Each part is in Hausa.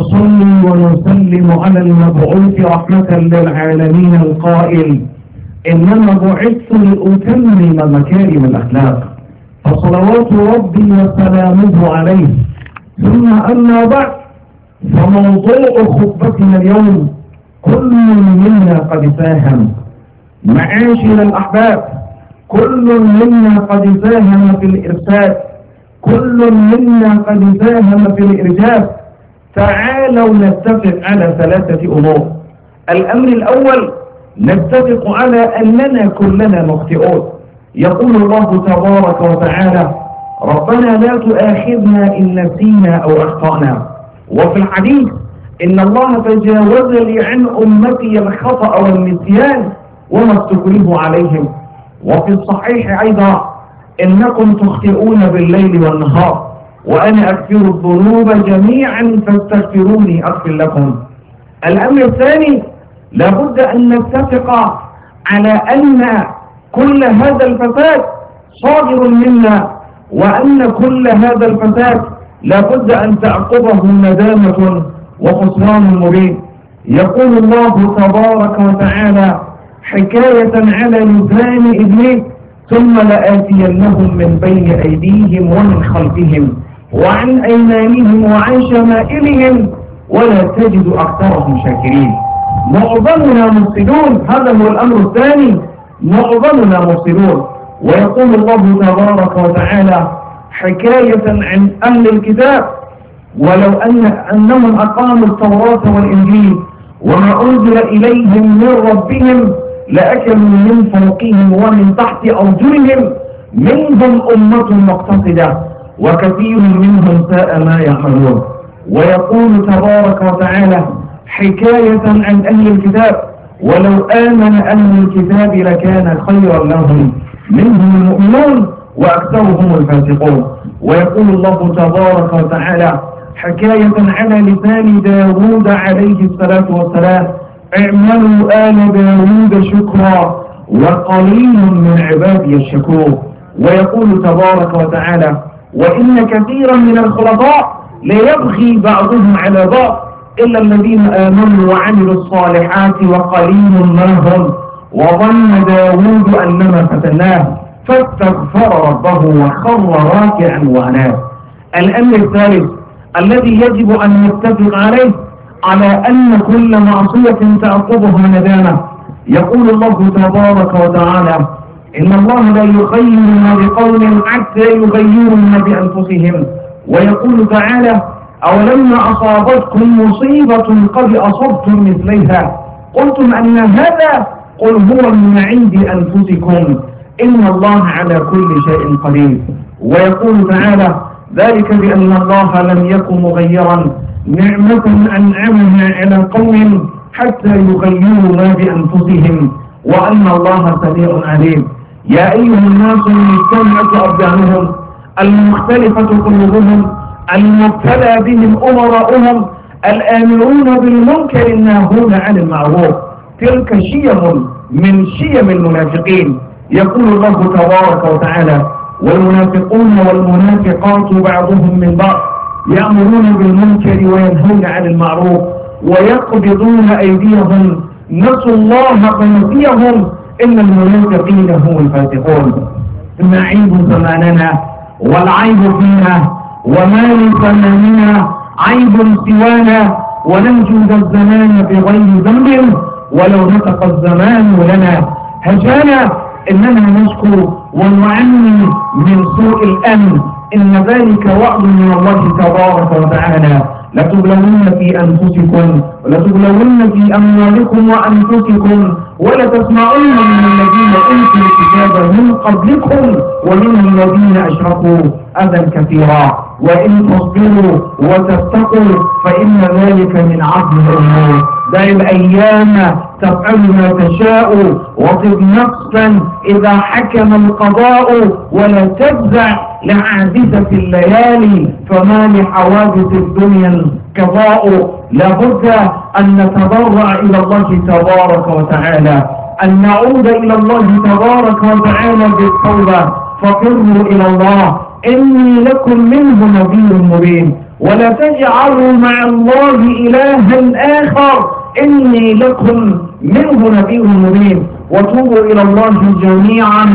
ونصلي ونسلم على المبعوث رحمة للعالمين القائل إنما بعثت لأتمم مكارم الأخلاق فصلوات ربي وسلامه عليه ثم أما بعد فموضوع خطبتنا اليوم كل منا قد ساهم معاشر الأحباب كل منا قد ساهم في الإرشاد كل منا قد ساهم في الإرشاد تعالوا نتفق على ثلاثة أمور الأمر الأول نتفق على أننا كلنا مخطئون يقول الله تبارك وتعالى ربنا لا تؤاخذنا إن نسينا أو أخطأنا وفي الحديث إن الله تجاوز لي عن أمتي الخطأ والنسيان وما استكره عليهم وفي الصحيح أيضا إنكم تخطئون بالليل والنهار وأنا أكفر الذنوب جميعا فاستغفروني أغفر لكم الأمر الثاني لابد أن نتفق على أن كل هذا الفساد صادر منا وأن كل هذا الفساد لابد أن تعقبه ندامة وخسران مبين يقول الله تبارك وتعالى حكاية على لسان إبليس ثم لآتينهم من بين أيديهم ومن خلفهم وعن أيمانهم وعن شمائلهم ولا تجد أكثرهم شاكرين معظمنا مفسدون هذا هو الأمر الثاني معظمنا مفسدون ويقول الله تبارك وتعالى حكاية عن أهل الكتاب ولو أن أنهم أقاموا التوراة والإنجيل وما أنزل إليهم من ربهم لأكلوا من فوقهم ومن تحت أرجلهم منهم أمة مقتصدة وكثير منهم ساء ما يحلون ويقول تبارك وتعالى حكاية عن أهل الكتاب ولو آمن أهل الكتاب لكان خيرا لهم منهم المؤمنون وأكثرهم الفاسقون ويقول الله تبارك وتعالى حكاية على لسان داود عليه الصلاة والسلام اعملوا آل داود شكرا وقليل من عبادي الشكور ويقول تبارك وتعالى وإن كثيرا من الخلطاء ليبغي بعضهم على بعض إلا الذين آمنوا وعملوا الصالحات وقليل منهم وظن داود أنما فتناه فاستغفر ربه وخر راكعا وأناب الأمر الثالث الذي يجب أن نتفق عليه على أن كل معصية تعقبها ندامة يقول الله تبارك وتعالى إن الله لا يغير ما بقوم حتى يغيروا ما بأنفسهم ويقول تعالى أولما أصابتكم مصيبة قد أصبتم مثليها قلتم أن هذا قل هو من عند أنفسكم إن الله على كل شيء قدير ويقول تعالى ذلك بأن الله لم يكن مغيرا نعمة أنعمها على قوم حتى يغيروا ما بأنفسهم وأن الله سميع عليم يا أيها الناس المجتمعة أبدانهم المختلفة قلوبهم المبتلى بهم أمراؤهم الآمرون بالمنكر الناهون عن المعروف تلك شيم من شيم المنافقين يقول الله تبارك وتعالى والمنافقون والمنافقات بعضهم من بعض يأمرون بالمنكر وينهون عن المعروف ويقبضون أيديهم نسوا الله فنسيهم إن المنافقين هم الفاسقون ثم عيب زماننا والعيب فينا وما لزماننا عيب سوانا ولم جود الزمان بغير ذنب ولو نطق الزمان لنا هجانا إننا نشكو ونعاني من سوء الأمن إن ذلك وعد من الله تبارك وتعالى لتبلون في أنفسكم ولتبلون في أموالكم وأنفسكم ولا تسمعن من الذين أوتوا الكتاب من قبلكم ومن الذين أشركوا أذى كثيرا وإن تصبروا وتتقوا فإن ذلك من عظم الأمور بل أيام تفعل ما تشاء وطب نفسا إذا حكم القضاء ولا تجزع لعادثة الليالي فما لحوادث الدنيا القضاء لابد أن نتضرع إلى الله تبارك وتعالى أن نعود إلى الله تبارك وتعالى بالتوبة فقروا إلى الله إني لكم منه نبي مبين ولا تجعلوا مع الله إلها آخر إني لكم منه نبي مبين وتوبوا إلى الله جميعا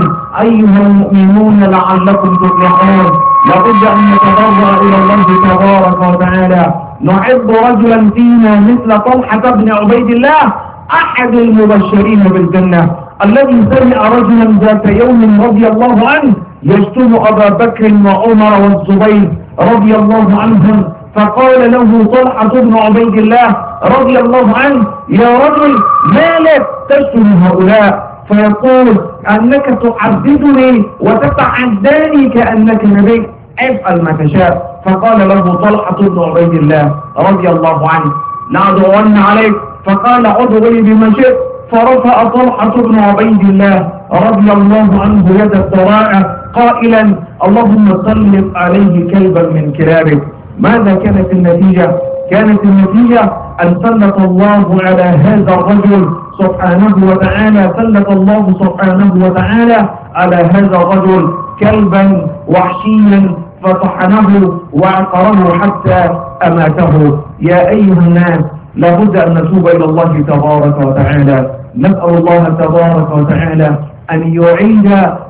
أيها المؤمنون لعلكم تفلحون لابد أن نتضرع إلى الله تبارك وتعالى نعد رجلا فينا مثل طلحة بن عبيد الله أحد المبشرين بالجنة الذي سمع رجلا ذات يوم رضي الله عنه يشتم أبا بكر وعمر والزبير رضي الله عنهم فقال له طلحة بن عبيد الله رضي الله عنه يا رجل ما لك تشتم هؤلاء فيقول أنك تعذبني وتتعداني كأنك نبي افعل ما تشاء فقال له طلحة بن عبيد الله رضي الله عنه لعدون عليك فقال عدوني بما شئت فرفع طلحة بن عبيد الله رضي الله عنه يد الذرائع قائلا اللهم سلط عليه كلبا من كلابك ماذا كانت النتيجة كانت النتيجة أن سلط الله على هذا الرجل سبحانه وتعالى سلط الله سبحانه وتعالى على هذا الرجل كلبا وحشيا فطحنه وعقره حتى أماته يا أيها الناس لابد أن نتوب إلى الله تبارك وتعالى نسأل الله تبارك وتعالى أن يعيد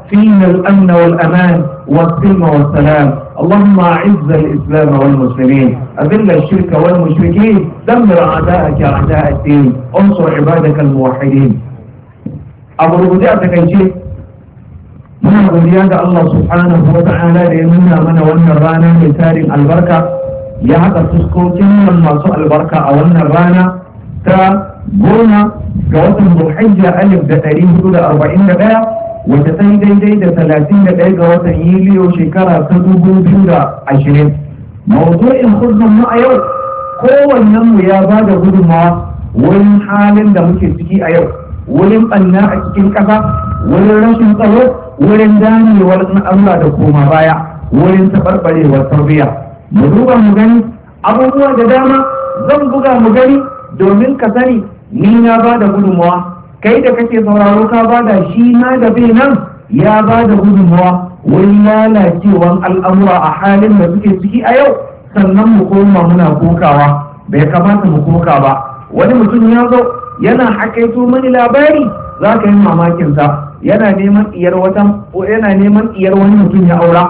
فينا الأمن والأمان والسلم والسلام اللهم أعز الإسلام والمسلمين أذل الشرك والمشركين دمر أعداءك أعداء الدين انصر عبادك الموحدين أبو رجاء تكيشيك muna godiya ga Allah subhanahu wa ta'ala da ya nuna mana wannan rana mai tarin albarka ya haɗa fuskokin nan masu albarka a wannan rana ta goma ga watan Zulhijja alif da ɗari hudu da arba'in da ɗaya wata sai daidai da talatin da ɗaya ga watan Yuliyo shekara ta dubu biyu da ashirin. Mawdu'in hudun mu a yau mu ya ba da gudunmawa wurin halin da muke ciki a yau wurin ɓanna a cikin ƙasa wurin rashin tsaro wurin damewar na Allah da koma baya wurin taɓarɓarewar tarbiyya mu duba mu gani abubuwa da dama zan buga mu gani domin ka sani ni na ba da gudunmawa kai da kake sauraro ka ba da shi na da bai nan ya ba da gudunmawa Wani lalacewan al'amura a halin da suke ciki a yau sannan mu koma muna kokawa bai kamata mu koka ba wani mutum ya zo yana hakaito mani labari za ka yi mamakin sa yana neman iyar wata yana neman iyar wani mutum ya aura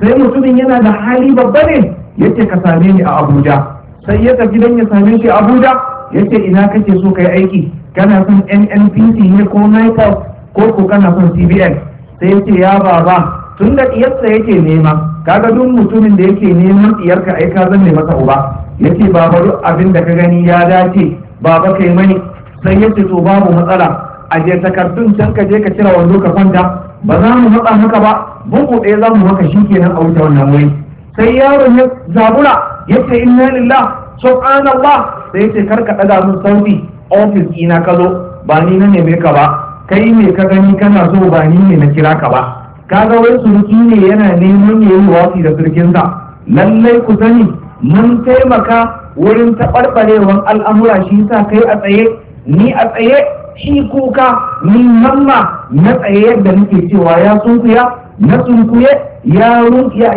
sai mutumin yana da hali babba ne yake ka same ni a Abuja sai ya gidan ya same shi a Abuja yake ina kake so kai aiki kana son NNPC ne ko NIPOS ko ko kana son CBN sai yace ya baba tun da iyarsa yake nema kaga duk mutumin da yake neman iyarka ai ka zan masa uba yace baba abin da ka gani ya dace baba kai mani sai yake to babu matsala a je takardun can ka je ka cire wando ka kwanta ba za mu matsa haka ba bugu ɗaya za mu maka shikenan a wuce wannan wuri sai yaron ya zabura ya ce inna lillah subhanallah sai ya ce kar ka ɗaga mun sauti ofis ina ka zo ba ni na neme ka ba kai ne ka gani kana so ba ni ne na kira ka ba Ka ga wai suruki ne yana neman ya yi wasi da surkinsa lallai ku sani mun taimaka wurin taɓarɓarewar al'amura shi sa kai a tsaye ni a tsaye shi kuka min mamma, na tsaye yadda nake cewa ya sunkuya na sunkuye ya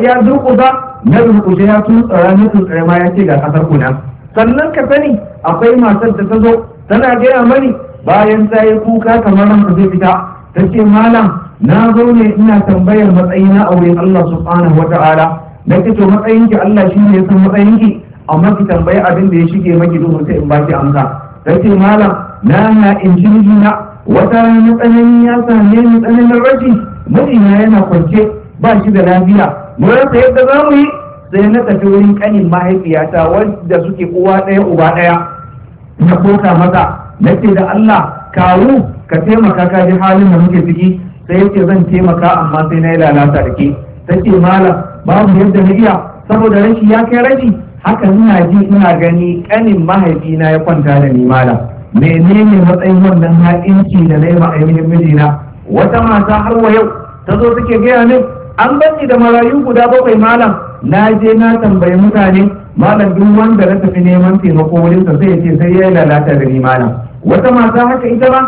ya durkusa na durkushe ya tuntsara na tsare ma ya ce ga kasar kuna sannan ka sani akwai matar da ta zo tana gaya mani bayan ta yi kuka kamar ran zai fita ta ce malam na zo ne ina tambayar matsayina na wurin Allah subhanahu wa ta'ala na ce to matsayinki Allah shi ne ya san matsayinki amma ki tambayi abin da ya shige maki duhu sai in baki amsa take malam na na in ji wata rana tsanani ya same ni tsananin rashi na yana kwance ba shi da lafiya mu rasa yadda za mu yi sai na tafi wurin kanin mahaifiyata wanda suke uwa ɗaya uba ɗaya na koka mata nake da Allah kawu ka taimaka ka ji halin da muke ciki sai yake zan taimaka amma sai na yi lalata da ke malam babu yadda na iya saboda rashi ya kai rashi haka ina ji ina gani kanin mahaifina ya kwanta da nimala menene matsayin wannan haƙinci da na yi ma'ainihin mijina wata mata har wa yau ta zo suke gaya min an bani da marayu guda bakwai malam na je na tambayi mutane malam duk wanda na tafi neman taimako wurin sa zai ce sai ya yi lalata da ni malam wata mata haka ita ba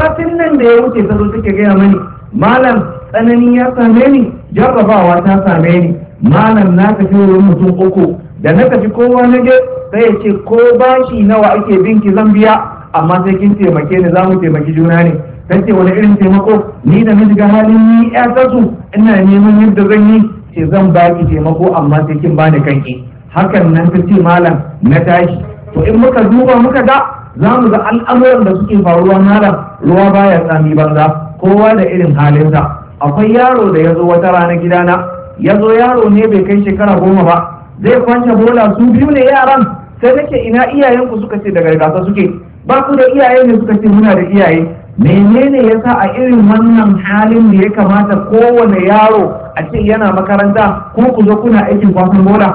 satin nan da ya wuce ta zo suke gaya mani malam tsanani ya same ni jarrabawa ta same ni malam na tafi wurin mutum uku da na tafi kowa na je sai ya ce ko bashi nawa ake bin ki zan biya amma sai kin taimake ni za mu taimaki juna ne sai ce wani irin taimako ni da miji ga halin ni ya su ina neman yadda zan yi ce zan ba ki taimako amma sai kin bani kanki hakan nan ta ce malam na tashi to in muka duba muka ga za mu ga al'amuran da suke faruwa malam ruwa baya tsami banza kowa da irin halinsa akwai yaro da ya zo wata rana gidana ya zo yaro ne bai kai shekara goma ba zai kwance bola su biyu ne yaran sai nake ina iyayenku suka ce daga gasa suke ba ku da iyaye ne suka ce muna da iyaye menene yasa a irin wannan halin da ya kamata kowane yaro a ce yana makaranta ko ku zo kuna aikin kwasan bola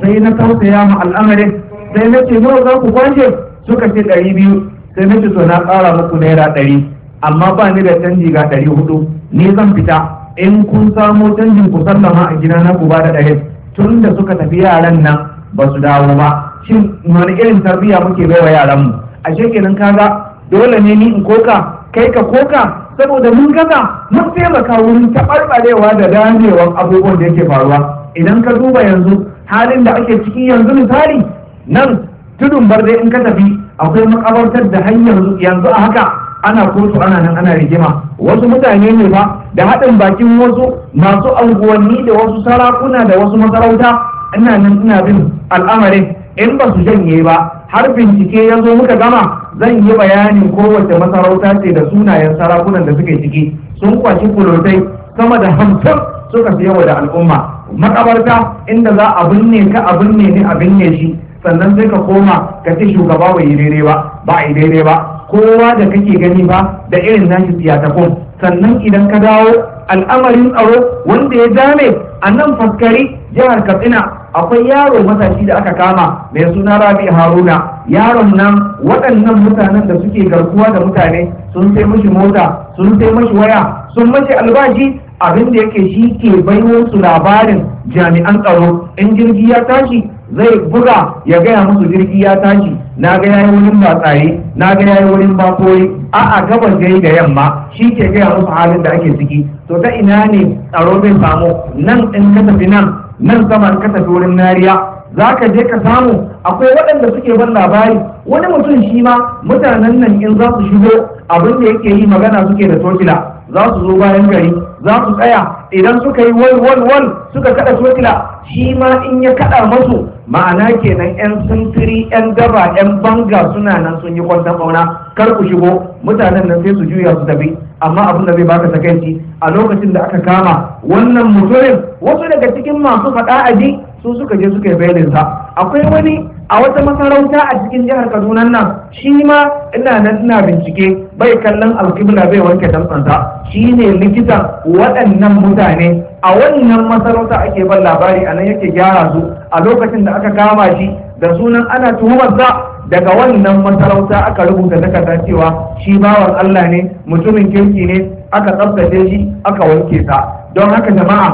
sai na tausaya ma al'amarin sai na ce nawa za ku kwanje suka ce ɗari biyu sai na ce to na ƙara muku naira ɗari amma ba ni da canji ga ɗari hudu ni zan fita in kun samo canjin ku sallama a gida na ku ba da ɗari tun da suka tafi yaran nan ba su dawo ba shin wani irin tarbiyya muke bai wa yaran mu a kenan kaza dole ne ni in koka kai ka koka saboda mun gaza mun taimaka wurin taɓarɓarewa da danewan abubuwan da yake faruwa idan ka duba yanzu halin da ake ciki yanzu misali nan tudun bar dai in ka tafi akwai makabartar da har yanzu yanzu a haka ana kotu ana nan ana rigima wasu mutane ne ba da haɗin bakin wasu masu anguwanni da wasu sarakuna da wasu masarauta ina nan ina bin al'amarin in ba su janye ba har bincike ya zo muka gama zan yi bayanin kowace masarauta ce da sunayen sarakunan da suke ciki sun kwashi kulotai sama da hamsin suka siya wa da al'umma makabarta inda za a binne ka a binne ni a binne shi sannan sai ka koma ka ce shugaba bai yi daidai ba ba a yi daidai ba kowa da kake gani ba da irin nashi siyatakon sannan idan ka dawo al'amarin tsaro wanda ya dame a nan faskari jihar katsina akwai yaro matashi da aka kama mai suna rabi haruna yaron nan waɗannan mutanen da suke garkuwa da mutane sun sai mashi mota sun sai mashi waya sun mashi albashi abinda da yake shi ke baiwo su labarin jami'an tsaro in jirgi ya tashi zai buga ya gaya musu jirgi ya tashi na ga yayi wurin batsaye na ga yayi wurin koyi a a gaban gari da yamma shi ke gaya musu halin da ake ciki to ta ina ne tsaro zai samu nan in ka tafi nan nan sama in ka tafi wurin nariya za ka je ka samu akwai waɗanda suke ban labari wani mutum shi ma mutanen nan in za su shigo abin da yake yi magana suke da tokila za su zo bayan gari za su tsaya idan suka yi wal wal wal suka kada tokila shi ma in ya kaɗa masu ma'ana kenan 'yan sintiri 'yan gaba 'yan banga suna nan sun yi kwanton ɓauna kar ku shigo mutanen nan sai su juya su tafi amma abin da zai baka takaici a lokacin da aka kama wannan mutumin wasu daga cikin masu faɗa aji su suka je suka yi sa akwai wani a wata masarauta a cikin jihar kaduna nan shi ma ina nan bincike bai kallon alkibla bai wanke damtsansa shi ne likita waɗannan mutane a wannan masarauta ake ban labari a nan yake gyara su a lokacin da aka kama shi da sunan ana tuhumarsa daga wannan masarauta aka rubuta takarda cewa shi bawan Allah ne mutumin kirki ne aka tsabtace shi aka wanke sa don haka jama'a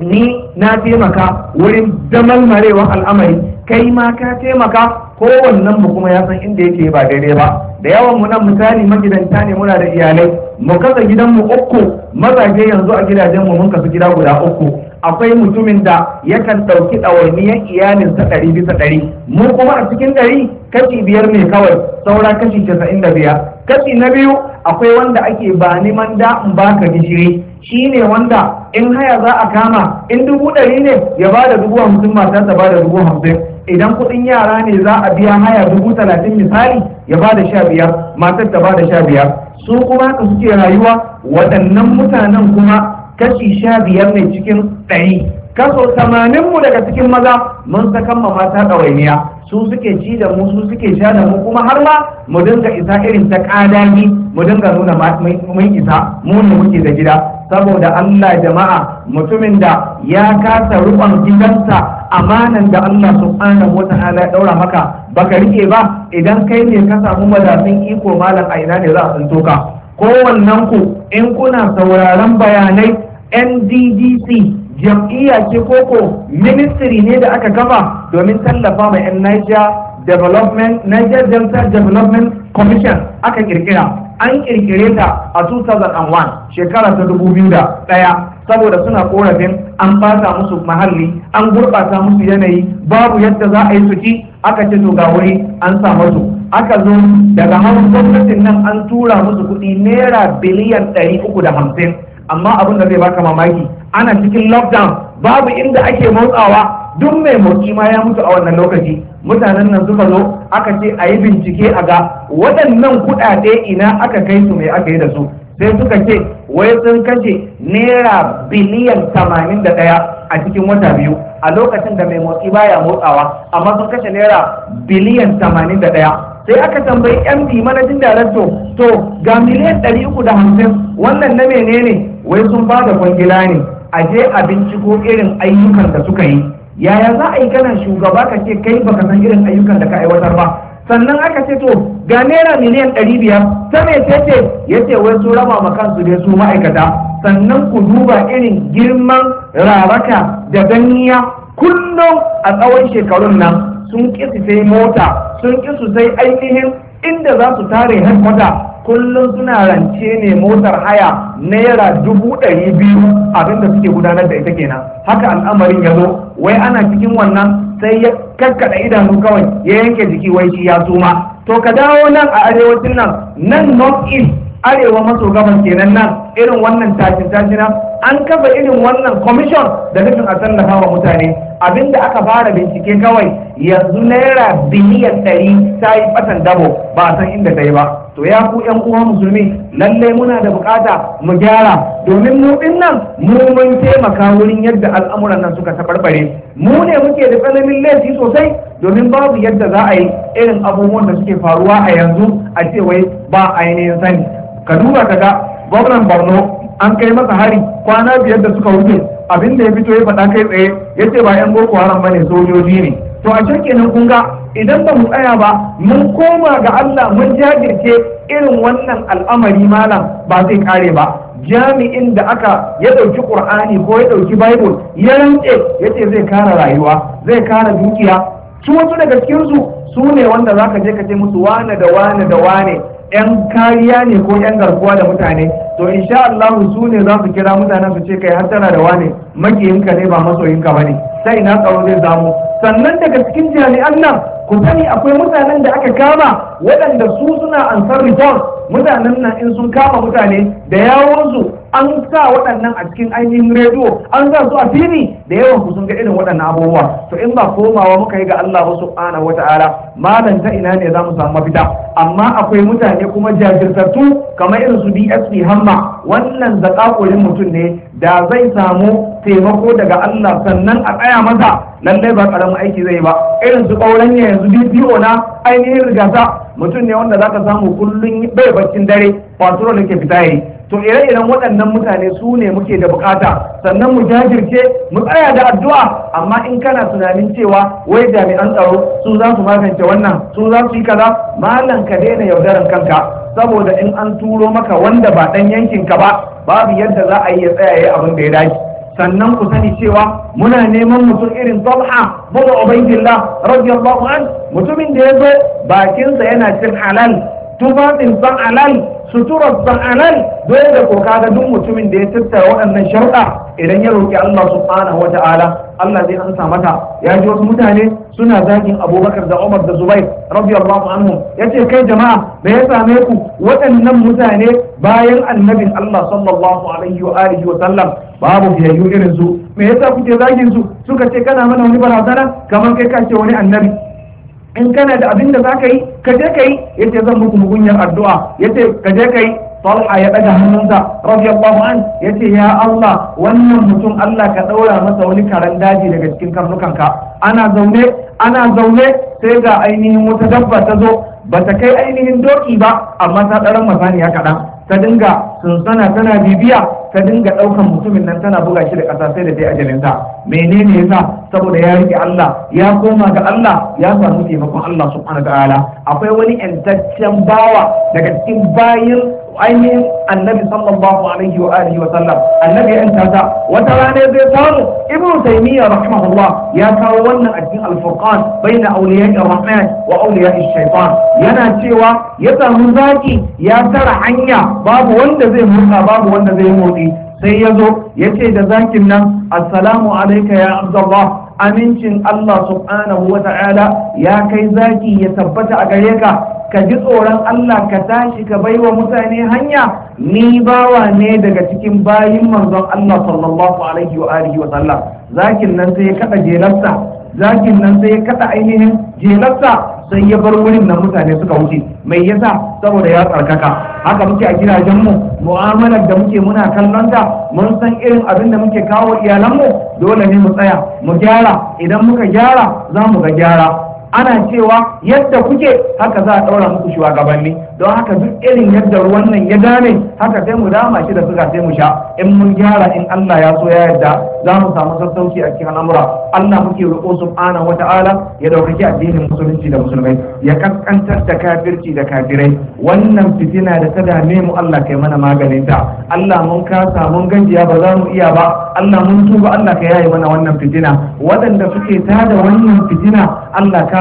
ni na taimaka wurin damal al'amari kai ma ka taimaka kowannen mu kuma ya san inda yake ba daidai ba da yawan mu nan misali magidanta ne muna da iyalai mu kasa gidan mu uku mazaje yanzu a gidajen mu mun kasu gida guda uku akwai mutumin da yakan ɗauki ɗawainiyar ta ɗari bisa ɗari mu kuma a cikin ɗari kashi biyar ne kawai saura kashi casa'in da biyar kashi na biyu akwai wanda ake ba neman da'in in baka gishiri shi ne wanda in haya za a kama in dubu ɗari ne ya ba da dubu hamsin matarsa ba da dubu hamsin idan kuɗin yara ne za a biya haya dubu talatin misali ya ba da sha biyar matar ta ba da sha biyar su kuma haka suke rayuwa waɗannan mutanen kuma kashi sha biyar ne cikin ɗari kaso tamanin mu daga cikin maza mun sakan mata ɗawainiya su suke ci da mu su suke sha da mu kuma har ma mu dinga isa irin ta kadani mu dinga nuna mun isa mu ne muke da gida saboda Allah jama'a mutumin da ya kasa rubon gidansa amanan da Allah subhanahu wata'ala ya daura maka baka rike ba idan kai ne ka samu madafin iko malam a ina ne za a tsinto ka kowannen ku in kuna sauraron bayanai NDDC jam'iyya ce koko ministry ne da aka gaba domin tallafa mai 'yan Niger Development Niger Delta Development Commission aka kirkira an kirkire ta a 2001 shekara ta 2001 saboda suna korafin an bata musu mahalli an gurɓata musu yanayi babu yadda za a yi su ci aka ce to ga wuri an sa musu aka zo daga hannun gwamnatin nan an tura musu kuɗi naira biliyan ɗari uku da hamsin amma abin da zai baka mamaki ana cikin lockdown babu inda ake motsawa duk mai motsi ma ya mutu a wannan lokaci mutanen nan suka zo aka ce a yi bincike a ga waɗannan kuɗaɗe ina aka kai su mai aka yi da su sai suka ce wai sun kashe naira biliyan tamanin da ɗaya a cikin wata biyu a lokacin da mai motsi baya motsawa amma sun kashe naira biliyan tamanin da ɗaya sai aka tambayi md manajin darakto to ga miliyan ɗari uku da hamsin wannan na menene wai sun bada da kwangila ne a je a binciko irin ayyukan da suka yi yaya za a yi kana shugaba ka ce kai baka san irin ayyukan da ka aiwatar ba sannan aka ce to ga naira miliyan ɗari biyar ta mai ce ya ce wai su raba ma kansu dai su ma'aikata sannan ku duba irin girman raraka da ganiya kullum a tsawon shekarun nan sun ƙi su sai mota sun ƙi su sai ainihin inda za su tare headquarter kullum suna rance ne motar haya naira dubu ɗari biyu abinda suke gudanar da ita kenan haka al'amarin ya zo wai ana cikin wannan sai ya kakkaɗa idanu kawai ya yanke jiki wai shi ya suma to ka dawo nan a arewacin nan nan north east arewa maso gabas kenan nan irin wannan tashin tashina an kafa irin wannan commission da nufin a tallafa wa mutane Abin da aka fara bincike kawai yanzu naira biliyan ɗari ta yi ɓatan dabo ba san inda ta yi ba to ya ku ƴan uwa musulmi lallai muna da bukata mu gyara domin mu din nan mu mun taimaka wurin yadda al'amuran nan suka tabarbare mu ne muke da tsananin laifi sosai domin babu yadda za a yi irin abubuwan da suke faruwa a yanzu a ce wai ba a yi ne sani ka duba kaga gwamnan borno an kai masa hari kwana biyar da suka wuce abin da ya fito ya faɗa kai tsaye ya ce ba 'yan boko haram ba ne sojoji ne to a can kenan kun ga idan ba mu tsaya ba mun koma ga Allah mun jajirce irin wannan al'amari malam ba zai kare ba jami'in da aka ya ɗauki ƙur'ani ko ya ɗauki bible ya rantse ya ce zai kare rayuwa zai kare dukiya su wasu daga cikinsu su ne wanda za ka je ka ce musu wane da wane da wane yan kariya ne ko yan garkuwa da mutane to insha Allah su ne za su kira mutanen su ce kai tana da wane makiyinka ne ba masoyinka ba ne sai ina tsaro zai zamo sannan daga cikin jami'an nan ku sani akwai mutanen da aka kama waɗanda su suna ansar report mutanen nan in sun kama mutane da yawonsu an sa waɗannan a cikin ainihin rediyo an sa su a fili da yawan ku sun ga irin waɗannan abubuwa to in ba komawa muka yi ga Allah ba subhanahu wata'ala malam ta ina ne za mu samu mafita amma akwai mutane kuma jajirtattu kamar irin su DSP Hamma wannan zakakulin mutum ne da zai samu taimako daga Allah sannan a tsaya masa lallai ba karamin aiki zai ba irin su ƙauren ne yanzu DPO na ainihin rigasa mutum ne wanda zaka samu kullum bai baccin dare faturo da ke fita yi to ire-iren waɗannan mutane su ne muke da bukata sannan mu jajirce mu tsaya da addu'a amma in kana tunanin cewa wai jami'an tsaro su za su magance wannan su za su yi kaza malam ka daina yaudaran kanka saboda in an turo maka wanda ba ɗan yankin ka ba babu yadda za a yi ya tsaya ya abin da ya dace sannan ku sani cewa muna neman mutum irin Talha bin Ubaydillah radiyallahu an mutumin da ya zo bakinsa yana cin halal tufafinsa halal suturar sa'anan don da ko kaga duk mutumin da ya tattara waɗannan shauɗa idan ya roƙi Allah subhanahu wa ta'ala Allah zai amsa mata ya ji wasu mutane suna zagin Abubakar da Umar da Zubair radiyallahu anhum yace kai jama'a me ya same ku waɗannan mutane bayan annabin Allah sallallahu alaihi wa alihi wa sallam babu biyayyu irin su me yasa kuke zagin su suka ce kana mana wani barazana kamar kai ka ce wani annabi in kana da abin da za ka yi ka je ka yi yace zan muku mugunyar addu'a yace ka je ka yi Talha ya daga hannunsa radiyallahu an yace ya Allah wannan mutum Allah ka ɗaura masa wani karan daji daga cikin karnukanka ana zaune ana zaune sai ga ainihin wata dabba ta zo bata kai ainihin doki ba amma ta ɗaran masaniya kaɗan ta dinga sunsana tana bibiya ta dinga ɗaukan mutumin nan tana buga shi da ƙasa sai da dai ajalinta menene yasa saboda ya rike Allah ya koma ga Allah ya samu taimakon Allah subhanahu wa ta'ala akwai wani yantaccen bawa daga cikin bayin ainihin annabi sallallahu alaihi wa alihi wa sallam annabi ya wata rana zai samu ibnu taymiya rahimahullah ya kawo wannan addin al-furqan baina awliya'i rahman wa awliya'i shaytan yana cewa ya samu zaki ya tara hanya babu wanda zai murka babu wanda zai motsi sai ya zo ya ce da zakin nan assalamu alaika ya abdullah amincin Allah subhanahu wa ta'ala ya kai zaki ya tabbata a gare ka ka ji tsoron Allah ka tashi ka baiwa mutane hanya ni bawa ne daga cikin bayin manzon Allah sallallahu alaihi wa alihi wa sallam zakin nan sai ya kada jelarsa zakin nan sai ya kada ainihin jelarsa sai ya bar wurin na mutane suka wuce mai yasa saboda ya tsarkaka haka muke a gidajen mu mu'amalar da muke muna kallon ta mun san irin abin da muke kawo iyalanmu dole ne mu tsaya mu gyara idan muka gyara za mu ga gyara ana cewa yadda kuke haka za a ɗaura muku shugabanni don haka duk irin yadda ruwan nan ya dame haka sai mu dama shi da suka sai mu sha in mun gyara in Allah ya so ya yarda za mu samu sassauci a cikin al'amura Allah muke roƙo subhanahu wata'ala ya daukaki addinin musulunci da musulmai ya kaskantar da kafirci da kafirai wannan fitina da ta dame mu Allah kai mana maganin ta Allah mun kasa mun gajiya ba za mu iya ba Allah mun tuba Allah ka yayi mana wannan fitina waɗanda suke tada wannan fitina Allah ka